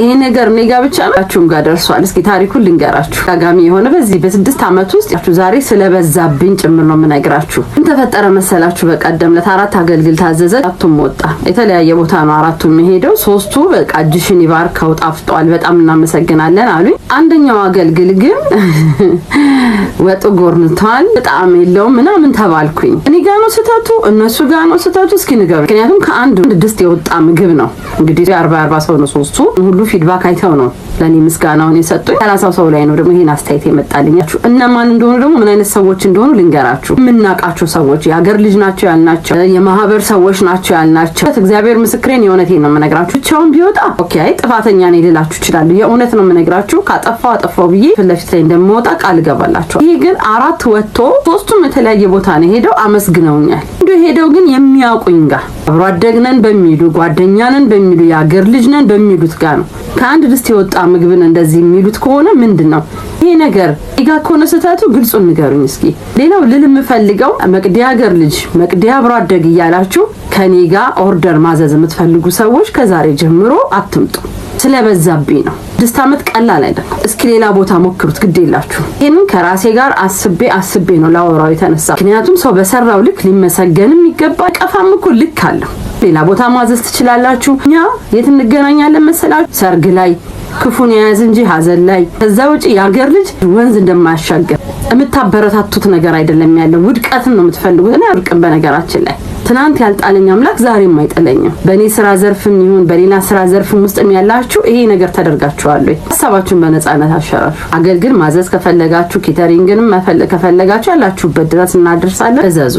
ይሄ ነገር እኔ ጋር ብቻ ነው ችሁም ጋር ደርሷል። እስኪ ታሪኩን ልንገራችሁ። ጋጋሚ የሆነ በዚህ በስድስት አመት ውስጥ ዛሬ ስለበዛብኝ ጭምር ነው የምነግራችሁ። ምን ተፈጠረ መሰላችሁ? በቀደም ለት አገልግል ታዘዘ፣ አራቱም ወጣ። የተለያየ ቦታ ነው አራቱም የሚሄደው። ሶስቱ በቃ እጅሽን ይባርከው ጣፍጧል፣ በጣም እናመሰግናለን አሉኝ። አንደኛው አገልግል ግን ወጡ ጎርንቷል፣ በጣም የለውም ምናምን ተባልኩኝ። እኔ ጋ ነው ስህተቱ እነሱ ጋ ነው ስህተቱ? እስኪ ንገሩ። ምክንያቱም ከአንድ ድስት የወጣ ምግብ ነው እንግዲህ አርባ አርባ ሰው ነው ሶስቱ ሁሉ ፊድባክ አይተው ነው ለእኔ ምስጋናውን የሰጡኝ። ሰላሳው ሰው ላይ ነው ደግሞ ይህን አስተያየት የመጣልኛችሁ። እነማን እንደሆኑ ደግሞ ምን አይነት ሰዎች እንደሆኑ ልንገራችሁ። የምናውቃቸው ሰዎች የሀገር ልጅ ናቸው ያልናቸው፣ የማህበር ሰዎች ናቸው ያልናቸው፣ እግዚአብሔር ምስክሬን የእውነቴን ነው የምነግራችሁ። ብቻውን ቢወጣ ኦኬ ጥፋተኛ ነኝ ልላችሁ ይችላሉ። የእውነት ነው የምነግራችሁ። ካጠፋው አጠፋው ብዬ ፊት ለፊት ላይ እንደምወጣ ቃል እገባላችኋል። ይህ ግን አራት ወጥቶ ሶስቱም የተለያየ ቦታ ነው ሄደው አመስግነውኛል። ወንዱ ሄደው ግን የሚያውቁኝ ጋር አብሮ አደግነን በሚሉ ጓደኛነን በሚሉ የአገር ልጅነን በሚሉት ጋር ነው። ከአንድ ድስት የወጣ ምግብን እንደዚህ የሚሉት ከሆነ ምንድን ነው ይሄ ነገር? ጋ ከሆነ ስህተቱ ግልጹ ንገሩኝ እስኪ። ሌላው ልል የምፈልገው መቅዲ አገር ልጅ መቅዲ አብሮ አደግ እያላችሁ ከኔ ጋር ኦርደር ማዘዝ የምትፈልጉ ሰዎች ከዛሬ ጀምሮ አትምጡ። ስለበዛብኝ ነው። ስድስት ዓመት ቀላል አይደለም። እስኪ ሌላ ቦታ ሞክሩት፣ ግድ የላችሁ። ይህንን ከራሴ ጋር አስቤ አስቤ ነው ላወራው የተነሳ። ምክንያቱም ሰው በሰራው ልክ ሊመሰገንም ይገባል። ቀፋም እኮ ልክ አለው። ሌላ ቦታ ማዘዝ ትችላላችሁ። እኛ የት እንገናኛለን መሰላችሁ? ሰርግ ላይ ክፉን የያዝ እንጂ ሀዘን ላይ። ከዛ ውጪ የአገር ልጅ ወንዝ እንደማያሻገር የምታበረታቱት ነገር አይደለም ያለው። ውድቀትን ነው የምትፈልጉት እና ውድቅን በነገራችን ላይ ትናንት ያልጣለኝ አምላክ ዛሬም አይጠለኝም። በእኔ ስራ ዘርፍም ይሁን በሌላ ስራ ዘርፍም ውስጥም ያላችሁ ይሄ ነገር ተደርጋችኋል። ሀሳባችሁን በነጻነት አሸራሹ። አገልግል ማዘዝ ከፈለጋችሁ ኬተሪንግንም ከፈለጋችሁ ያላችሁበት ድረስ እናደርሳለን። እዘዙ።